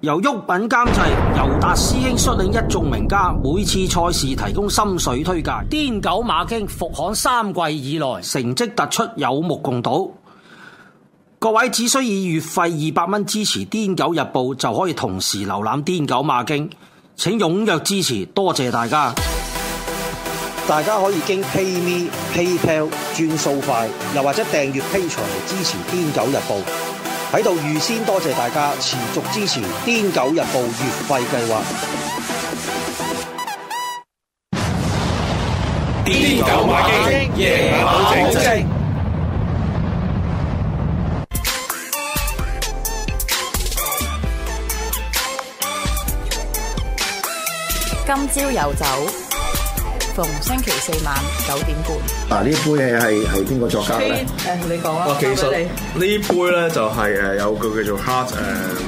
由玉品監製，由達師兄率領一眾名家，每次賽事提供心水推介。癲狗馬經復刊三季以來，成績突出，有目共睹。各位只需要以月費二百蚊支持癲狗日報，就可以同時瀏覽癲狗馬經。請踴躍支持，多謝大家！大家可以經 PayMe、PayPal 轉數快，又或者訂閱 Patreon 支持癲狗日報。喺度預先多謝大家持續支持《癲狗日報》月費計劃。癲狗買機，夜馬正正。今朝有酒。逢星期四晚九點半。嗱、啊、呢杯嘢係係邊個作家咧？誒你講啊，我其實呢杯咧就係誒有個叫做 Hart e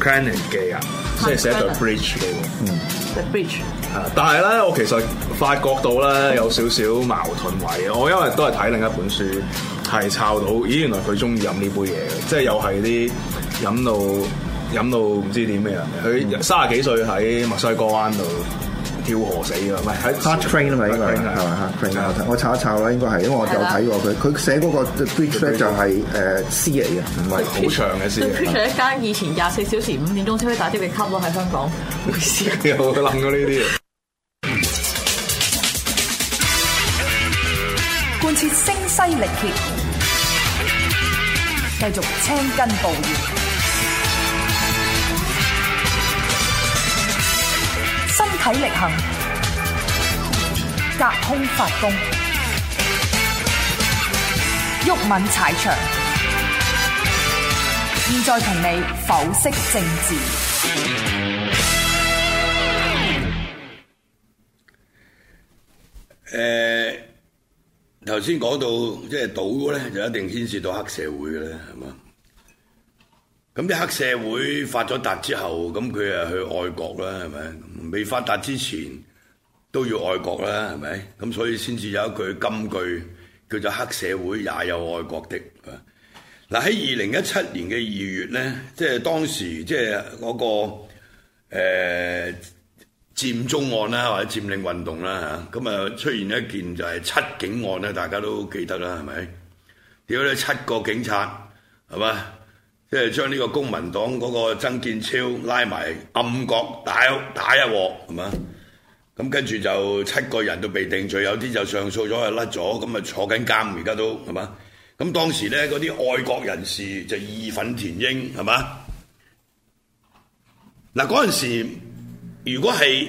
誒 Crane 嘅人，mm. 即係寫對 Bridge 嘅喎。嗯、mm. The Bridge。嚇！但係咧，我其實發覺到咧有少少矛盾位。Mm. 我因為都係睇另一本書，係抄到，咦原來佢中意飲呢杯嘢嘅，即係又係啲飲到飲到唔知點咩人。佢三十幾歲喺墨西哥灣度。跳河死㗎，唔係，Hart Crane 啊嘛，應該係，係嘛，Hart Crane 啊，我查一查啦，應該係，因為我有睇過佢，佢寫嗰個 script 就係誒詩嚟嘅，唔係好長嘅詩。就一間以前廿四小時五點鐘先可以打啲嘅卡咯喺香港。詩啊，我都諗過呢啲。貫徹聲嘶力竭，繼續青筋暴雨。體力行，隔空發功，毓民踩場。現在同你剖析政治。誒、呃，頭先講到即係賭咧，就一定牽涉到黑社會嘅咧，係嘛？咁啲黑社會發咗達之後，咁佢啊去愛國啦，係咪？未發達之前都要愛國啦，係咪？咁所以先至有一句金句，叫做黑社會也有愛國的。嗱喺二零一七年嘅二月呢，即係當時即係嗰個誒佔中案啦，或者佔領運動啦嚇，咁啊出現一件就係七警案咧，大家都記得啦，係咪？屌解咧？七個警察係嘛？即係將呢個公民黨嗰個曾健超拉埋暗角打一打一鑊，係嘛？咁跟住就七個人都被定罪，有啲就上訴咗又甩咗，咁咪坐緊監而家，都係嘛？咁當時咧，嗰啲愛國人士就義憤填膺，係嘛？嗱嗰陣時如果係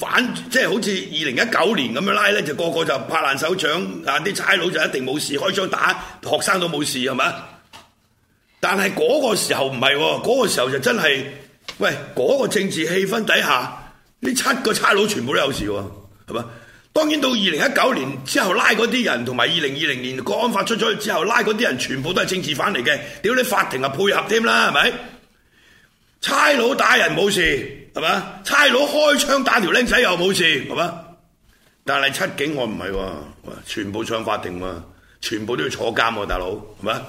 反，即係好似二零一九年咁樣拉咧，就個個就拍爛手掌，啊啲差佬就一定冇事，開槍打學生都冇事，係嘛？但係嗰個時候唔係喎，嗰、那個時候就真係，喂，嗰、那個政治氣氛底下，呢七個差佬全部都有事喎、啊，係嘛？當然到二零一九年之後拉嗰啲人，同埋二零二零年個安法出咗去之後拉嗰啲人，全部都係政治犯嚟嘅。屌你，法庭啊配合添啦，係咪？差佬打人冇事係嘛？差佬開槍打條僆仔又冇事係嘛？但係七警案唔係喎，全部上法庭喎，全部都要坐監喎、啊，大佬係嘛？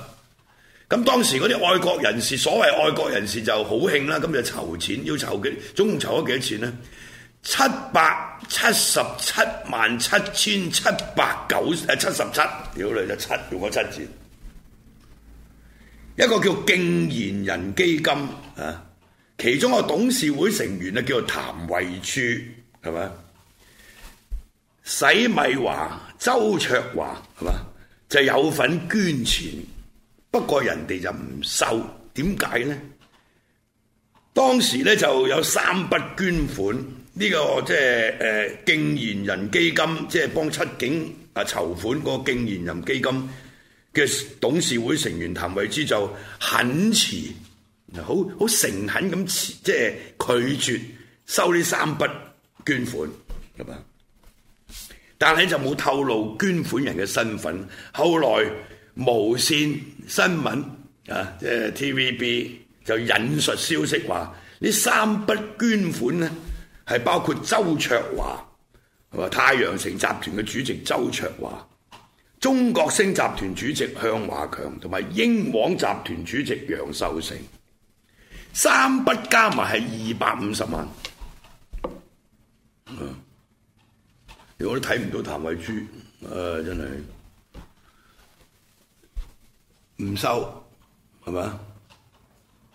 咁當時嗰啲愛國人士，所謂愛國人士就好興啦，咁就籌錢，要籌幾總共籌咗幾多錢呢？七百七十七萬七千七百九誒七十七，屌你，就七用個七字。一個叫敬賢人基金啊，其中個董事會成員咧叫做譚惠珠，係嘛？洗米華、周卓華，係嘛？就是、有份捐錢。不過人哋就唔收，點解呢？當時呢就有三筆捐款，呢個即係誒敬賢人基金，即係幫七警啊籌款。個敬賢人基金嘅董事會成員譚惠珠就懇辭，好好誠懇咁辭，即係拒絕收呢三筆捐款咁啊，但係就冇透露捐款人嘅身份，後來。無線新聞啊，即係 T V B 就引述消息話，呢三筆捐款呢，係包括周卓華，太陽城集團嘅主席周卓華、中國星集團主席向華強同埋英皇集團主席楊秀成，三筆加埋係二百五十萬。啊，我都睇唔到譚慧珠啊，真係～唔收，係咪啊？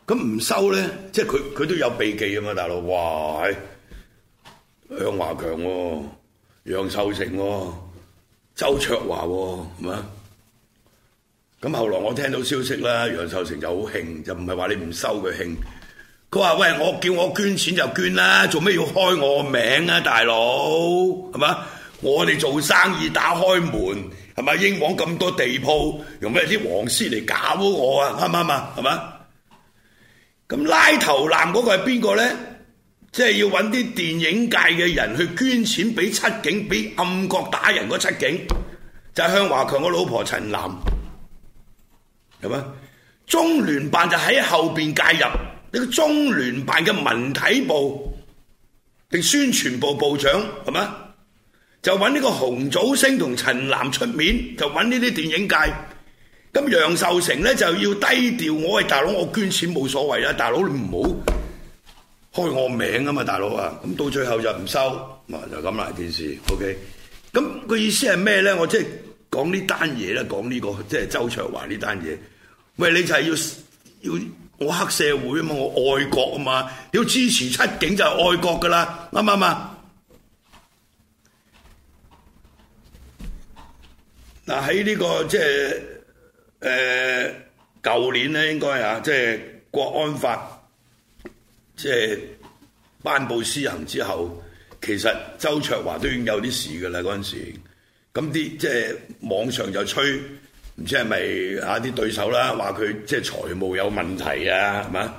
咁唔收咧，即係佢佢都有避忌啊嘛，大佬。哇！向華強、楊秀成、啊、周卓華，係咪啊？咁後來我聽到消息啦，楊秀成就好興，就唔係話你唔收佢興。佢話：喂，我叫我捐錢就捐啦，做咩要開我名啊？大佬，係咪啊？我哋做生意打開門。係咪英皇咁多地鋪用咩啲黃絲嚟搞我啊？啱唔啱啊？係嘛？咁拉頭纜嗰個係邊個咧？即係要揾啲電影界嘅人去捐錢俾七警，俾暗角打人嗰七警，就係向華強個老婆陳嵐，係嘛？中聯辦就喺後邊介入，呢個中聯辦嘅文體部定宣傳部部長係嘛？是不是就揾呢個洪祖星同陳楠出面，就揾呢啲電影界。咁楊秀成咧就要低調，我，我係大佬，我捐錢冇所謂啦，大佬你唔好開我名啊嘛，大佬啊。咁到最後就唔收，嘛就咁啦，件事，OK。咁個意思係咩咧？我即係講呢單嘢啦，講呢、呢個即係周卓華呢單嘢。喂，你就係要要我黑社會啊嘛，我愛國啊嘛，要支持七警就係愛國噶啦，啱唔啱啊？嗱，喺呢個即係誒舊年咧，應該啊，即、就、係、是、國安法即係、就是、頒布施行之後，其實周卓華都已經有啲事嘅啦嗰陣時。咁啲即係網上就吹，唔知係咪嚇啲對手啦，話佢即係財務有問題啊，係嘛？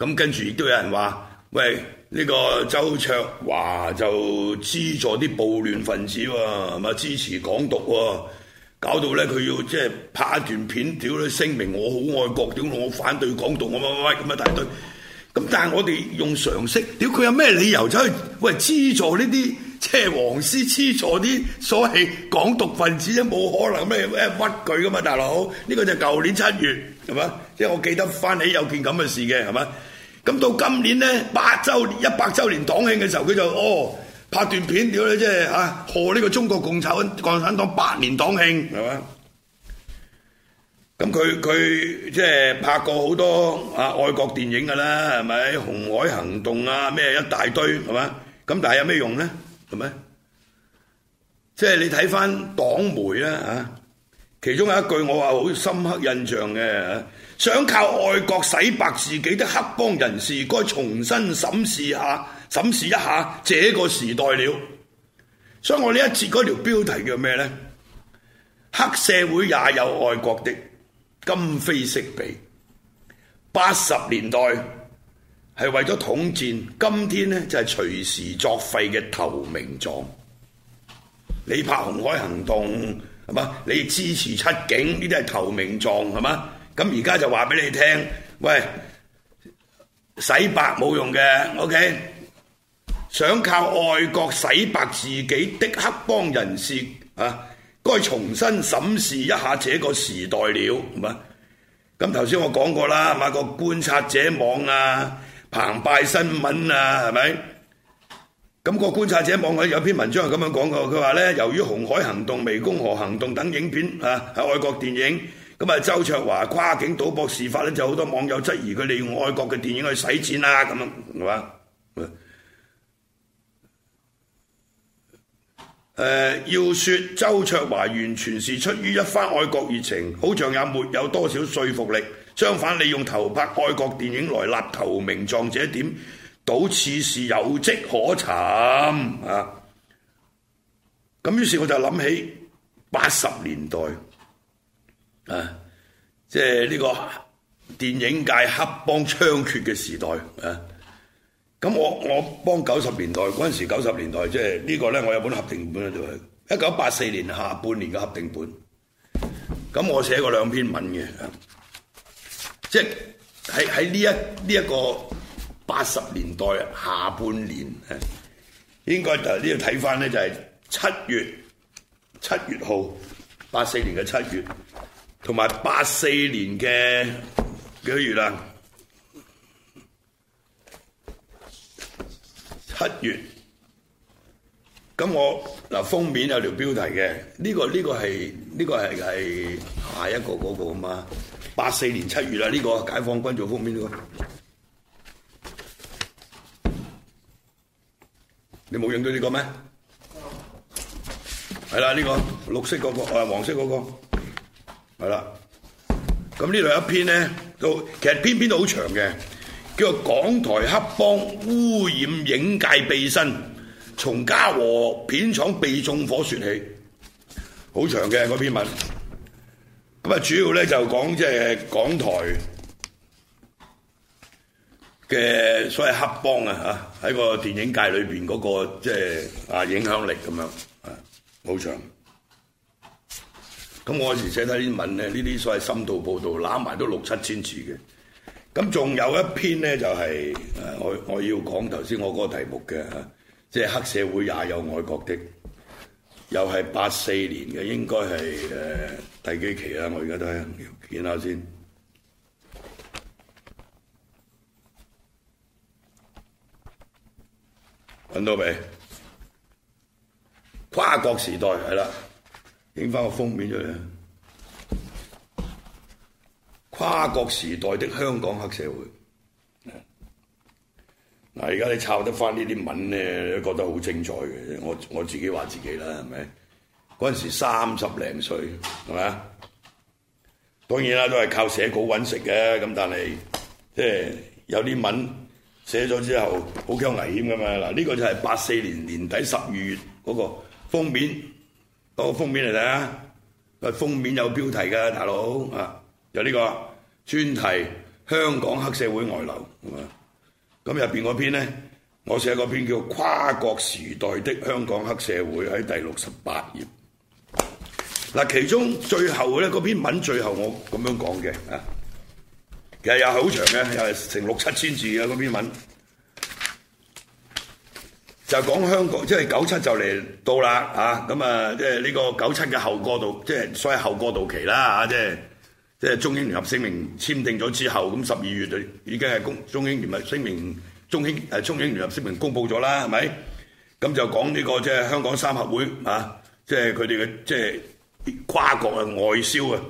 咁跟住亦都有人話，喂，呢、這個周卓華就資助啲暴亂分子喎、啊，係嘛？支持港獨喎、啊。搞到咧，佢要即係拍一段片，屌你聲明我好愛國，屌我反對港獨，我乜乜乜咁一大堆。咁但係我哋用常識，屌佢有咩理由走去喂資助呢啲即係黃絲資助啲所謂港獨分子？一冇可能咩咩屈佢噶嘛，大佬？呢個就舊年七月係嘛？即係我記得翻起有件咁嘅事嘅係嘛？咁到今年咧八週一百週年黨慶嘅時候，佢就哦。拍段片，屌你即係嚇，賀呢個中國共產黨，共產黨百年黨慶係嘛？咁佢，佢即係拍過好多啊愛國電影㗎啦係咪？紅海行動啊咩一大堆係嘛？咁但係有咩用呢？係咪？即係你睇翻黨媒啦，嚇，其中有一句我話好深刻印象嘅，想靠愛國洗白自己的黑幫人士，該重新審視下。審視一下這個時代了，所以我呢一節嗰條標題叫咩呢？黑社會也有愛國的，今非昔比。八十年代係為咗統戰，今天呢就係隨時作廢嘅投名狀。你拍紅海行動係嘛？你支持七警呢啲係投名狀係嘛？咁而家就話俾你聽，喂，洗白冇用嘅，OK。想靠愛國洗白自己的黑幫人士啊，該重新審視一下這個時代了，係嘛？咁頭先我講過啦，係、那、嘛個觀察者網啊、澎湃新聞啊，係咪？咁、那個觀察者網佢有一篇文章係咁樣講嘅，佢話呢，由於紅海行動、湄公河行動等影片啊係愛國電影，咁啊周卓華跨境賭博事發呢，就好多網友質疑佢利用愛國嘅電影去洗錢啦，咁樣係嘛？誒、呃，要說周卓華完全是出於一番愛國熱情，好像也沒有多少說服力。相反，利用投拍愛國電影來立投名狀，這一點倒似是有跡可尋啊！咁於是我就諗起八十年代啊，即係呢個電影界黑幫猖獗嘅時代啊。咁我我幫九十年代嗰陣時，九十年代即係呢個咧，我有本合訂本喺度，一九八四年下半年嘅合訂本。咁我寫過兩篇文嘅，即係喺喺呢一呢一個八十年代下半年咧，應該就係呢度睇翻咧，就係七月，七月號八四年，嘅七月，同埋八四年嘅幾多月啊？七月，咁我嗱封面有條標題嘅，呢個呢個係呢個係係下一個嗰個嘛，八四年七月啦，呢個解放軍做封面呢個，你冇影到呢個咩？係啦，呢個綠色嗰個，誒黃色嗰個，係啦。咁呢度有一篇咧，都其實篇篇都好長嘅。叫做港台黑幫污染影界秘辛，從嘉禾片廠被縱火説起，好長嘅嗰篇文。咁啊，主要咧就講即係港台嘅所謂黑幫啊嚇，喺個電影界裏面嗰、嗰個即係、即係、啊影響力咁樣啊，好長。咁我時寫睇啲文呢，呢啲所謂深度報導，攬埋都六七千字嘅。咁仲有一篇咧，就係我我要講頭先我嗰個題目嘅，即係黑社會也有愛國的，又係八四年嘅，應該係誒第幾期啊？我而家都睇下，見下先，揾到未？跨國時代係啦，影返個封面出嚟。跨國時代的香港黑社會現在。嗱，而家你抄得返呢啲文咧，覺得好精彩嘅。我我自己話自己啦，係咪嗰陣時三十零歲係咪啊？當然啦，都係靠寫稿搵食嘅，咁但係即係有啲文寫咗之後，好驚危險㗎嘛。嗱、這、呢個就係八四年年底十二月嗰個封面，攞、那個封面嚟睇啊。個封面有標題㗎大佬啊，有呢、這個。專題香港黑社會外流，咁入邊嗰篇咧，我寫個篇叫《跨國時代的香港黑社會》，喺第六十八頁。嗱，其中最後咧嗰篇文最後我咁樣講嘅啊，其實有好長嘅，又係成六七千字嘅嗰篇文，就講香港即係九七就嚟到啦啊！咁啊，即係呢個九七嘅後過渡，即係所謂後過渡期啦啊，即係。即係中英聯合聲明簽訂咗之後，咁十二月就已經係公中英聯合聲明，中英誒中英聯合聲明公布咗啦，係咪？咁就講呢個即係香港三合會啊，即係佢哋嘅即係跨國啊外銷啊，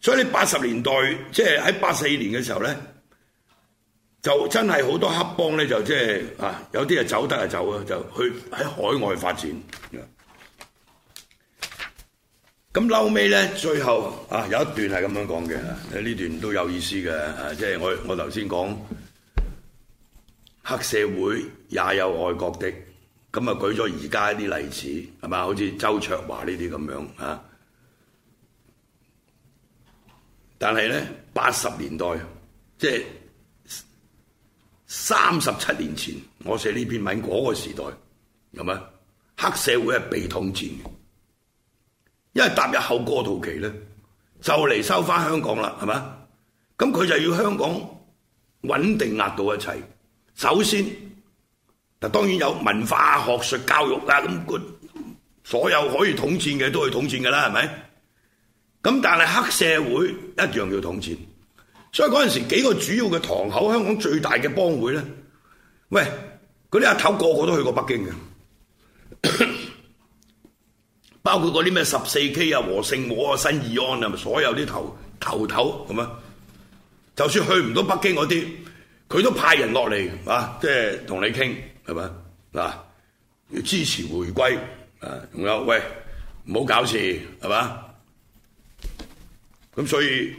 所以你八十年代即係喺八四年嘅時候咧，就真係好多黑幫咧就即係啊有啲啊走得啊走啊，就去喺海外發展。咁溜尾咧，最後啊有一段係咁樣講嘅，呢段都有意思嘅，啊即係我我頭先講黑社會也有愛國的，咁啊舉咗而家一啲例子，係嘛？好似周卓華呢啲咁樣啊，但係咧八十年代，即係三十七年前，我寫呢篇文嗰、那個時代，係咪黑社會係被統戰因為踏入後過渡期咧，就嚟收翻香港啦，係嘛？咁佢就要香港穩定壓到一切。首先，嗱當然有文化學術教育啊咁，所有可以統戰嘅都去統戰㗎啦，係咪？咁但係黑社會一樣要統戰。所以嗰陣時幾個主要嘅堂口，香港最大嘅幫會咧，喂，嗰啲阿頭個個都去過北京嘅。 包括嗰啲咩十四 K 啊、和勝和啊、新義安啊，所有啲頭,頭頭頭係嘛！就算去唔到北京嗰啲，佢都派人落嚟啊，即係同你傾係咪？嗱，要支持回歸啊，仲有喂，唔好搞事係嘛？咁所以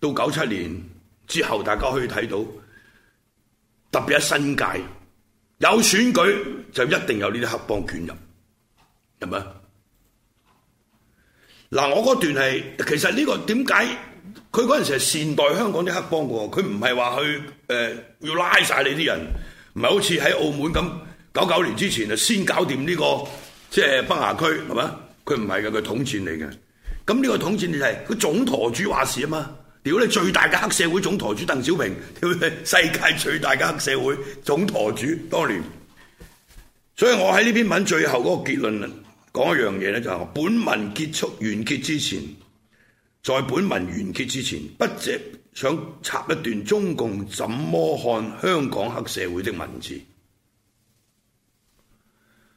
到九七年之後，大家可以睇到，特別喺新界有選舉，就一定有呢啲黑幫卷入。係咪？嗱，我嗰段係，其實呢個點解佢嗰陣時係善待香港啲黑幫噶？佢唔係話去誒、呃、要拉晒你啲人，唔 係好似喺澳門咁九九年之前啊，先搞掂呢、這個即係北崖區，係咪？佢唔係噶，佢統戰嚟噶。咁呢個統戰你係佢總舵主話事啊嘛。屌你最大嘅黑社會總舵主鄧小平，屌世界最大嘅黑社會總舵主當年。所以我喺呢篇文最後嗰個結論。講一樣嘢咧，就係、是、本文結束完結之前，在本文完結之前，筆者想插一段中共怎麼看香港黑社會的文字。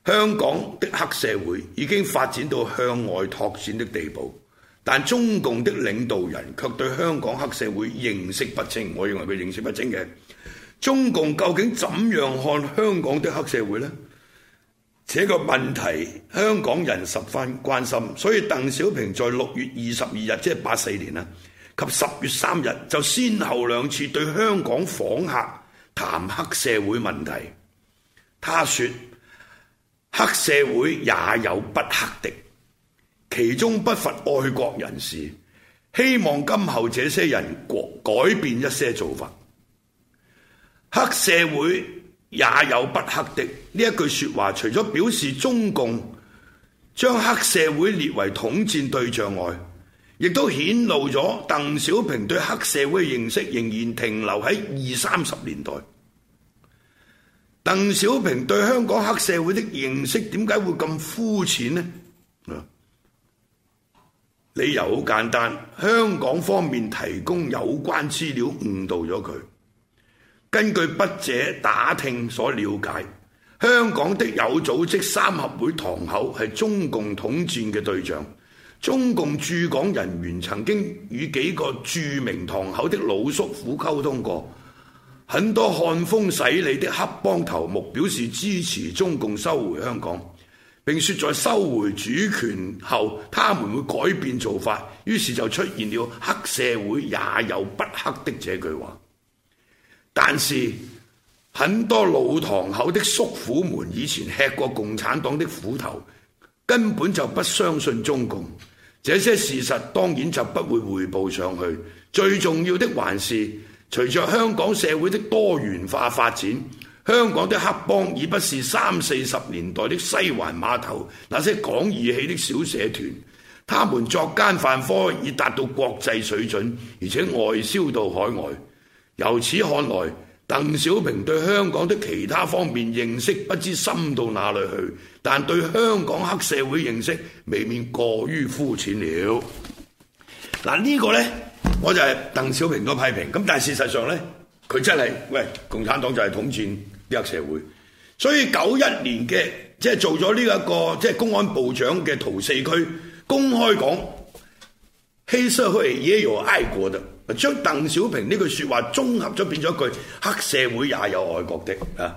香港的黑社會已經發展到向外拓展的地步，但中共的領導人卻對香港黑社會認識不清。我認為佢認識不清嘅，中共究竟怎樣看香港的黑社會呢？這個問題香港人十分關心，所以鄧小平在六月二十二日即係八四年啦，及十月三日就先後兩次對香港訪客談黑社會問題。他說：黑社會也有不黑的，其中不乏愛國人士，希望今後這些人改改變一些做法。黑社會。也有不黑的。呢一句說話，除咗表示中共將黑社會列為統戰對象外，亦都顯露咗鄧小平對黑社會嘅認識仍然停留喺二三十年代。鄧小平對香港黑社會的認識點解會咁膚淺呢？理由好簡單，香港方面提供有關資料誤導咗佢。根據筆者打聽所了解，香港的有組織三合會堂口係中共統戰嘅對象。中共駐港人員曾經與幾個著名堂口的老叔父溝通過，很多看風使舵的黑幫頭目表示支持中共收回香港，並說在收回主權後，他們會改變做法。於是就出現了黑社會也有不黑的這句話。但是很多老堂口的叔父們以前吃過共產黨的苦頭，根本就不相信中共。這些事實當然就不會匯報上去。最重要的還是，隨着香港社會的多元化發展，香港的黑幫已不是三四十年代的西環碼頭那些講義氣的小社團，他們作奸犯科已達到國際水準，而且外銷到海外。由此看來，鄧小平對香港的其他方面認識不知深到哪裏去，但對香港黑社會認識未免過於膚淺了。嗱、這、呢個呢，我就係鄧小平個批評。咁但係事實上呢，佢真係喂，共產黨就係統戰黑社會，所以九一年嘅即係做咗呢一個即係、就是、公安部長嘅陶駟駒公開講，黑社會也有愛國的。將鄧小平呢句說話綜合咗變咗一句黑社會也有愛國的啊！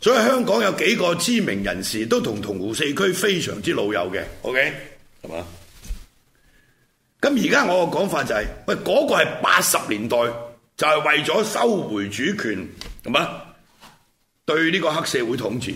所以香港有幾個知名人士都同銅湖四區非常之老友嘅，OK 係嘛？咁而家我嘅講法就係喂嗰個係八十年代就係、是、為咗收回主權，係嘛？對呢個黑社會統治，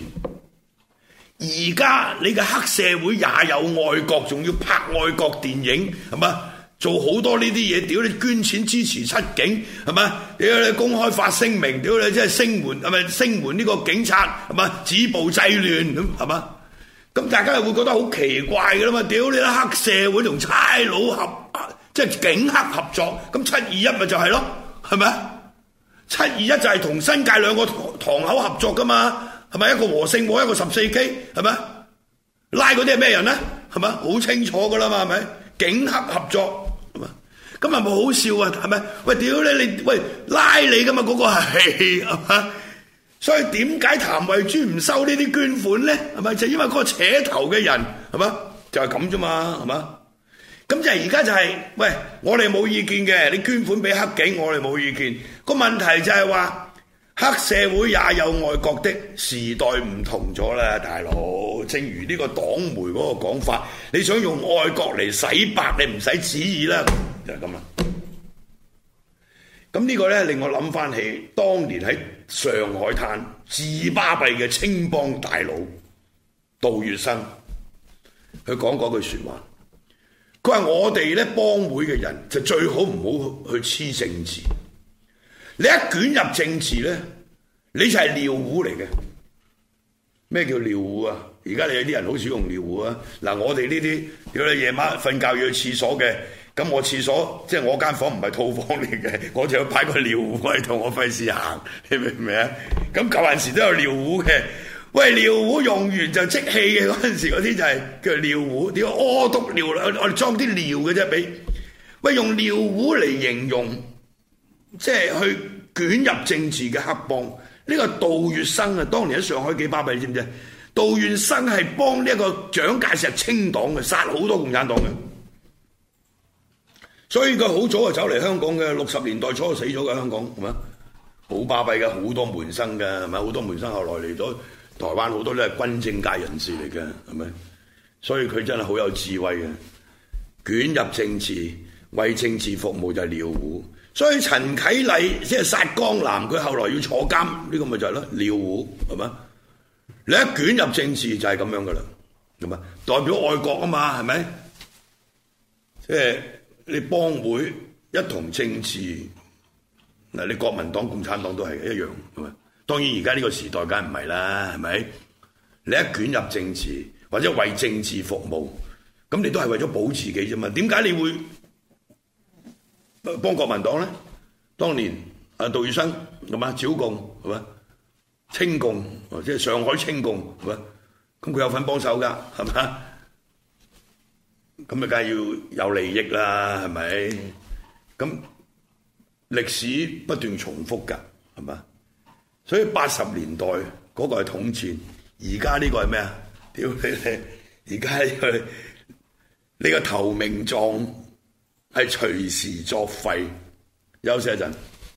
而家你嘅黑社會也有愛國，仲要拍愛國電影，係嘛？做好多呢啲嘢，屌你捐錢支持七警係咪？屌你公開發聲明，屌你即係聲援係咪聲援呢個警察係咪？止暴制亂咁係嘛？咁大家係會覺得好奇怪㗎嘛？屌你黑社會同差佬合，即係警黑合作。咁七二一咪就係咯，係咪七二一就係同新界兩個堂口合作㗎嘛，係咪一個和勝和，一個十四 K，係咪？拉嗰啲係咩人呢？係咪好清楚㗎啦嘛？係咪警黑合作？咁咪冇好笑啊？係咪？喂，屌你！喂，你喂，拉你噶嘛？嗰、嗰個係，係嘛？所以點解譚慧珠唔收呢啲捐款咧？係咪？就係、因為嗰個扯頭嘅人，係嘛？就係咁啫嘛？係嘛？咁就而家就係、係、喂，我哋冇意見嘅。你捐款俾黑警，我哋冇意見。個問題就係話黑社會也有愛國的，時代唔同咗啦，大佬。正如呢個黨媒嗰個講法，你想用愛國嚟洗白，你唔使旨意啦。就係咁啦！咁呢個咧，令我諗翻起當年喺上海灘自巴閉嘅青幫大佬杜月笙，佢講嗰句説話，佢話我哋咧，幫會嘅人就最好唔好去黐政治。你一卷入政治咧，你就係尿壺嚟嘅。咩叫尿壺啊？而家你啲人好少用尿壺啊！嗱，我哋呢啲如果你夜晚瞓覺要去廁所嘅。咁我廁所即係，我間房唔係套房嚟嘅， 我就要擺個尿壺喺度，同我費事行，你明唔明啊？咁舊陣時都有尿壺嘅，喂尿壺用完就即棄嘅，嗰陣時嗰啲就係叫尿壺，屌屙督尿啦，我哋裝啲尿嘅啫，俾，喂用尿壺嚟形容，即係去捲入政治嘅黑幫。呢個杜月笙啊，當年喺上海幾巴閉，你知唔知？杜月笙係幫呢一個蔣介石清黨嘅，殺好多共產黨嘅。所以佢好早就走嚟香港嘅，六十年代初就死咗嘅香港，係咪？好巴閉嘅，好多門生噶，係咪？好多門生後來嚟咗台灣，好多都係軍政界人士嚟嘅，係咪？所以佢真係好有智慧嘅，捲入政治為政治服務就係尿壺。所以陳啟禮即係殺江南，佢後來要坐監，呢個咪就係咯，尿壺，係咪？你一捲入政治就係咁樣噶啦，咁啊代表愛國啊嘛，係咪？即係。你幫會一同政治嗱，你國民黨、共產黨都係一樣，當然而家呢個時代梗唔係啦，係咪？你一卷入政治或者為政治服務，咁你都係為咗保自己啫嘛？點解你會幫國民黨咧？當年啊，杜月笙，係嘛，剿共係嘛，清共哦，即係上海清共係嘛，咁佢有份幫手㗎係嘛？是咁咪梗係要有利益啦，係咪？咁歷史不斷重複㗎，係嘛？所以八十年代嗰、那個係統戰，而家呢個係咩啊？屌你你！而家佢你個投名狀係隨時作廢，休息一陣。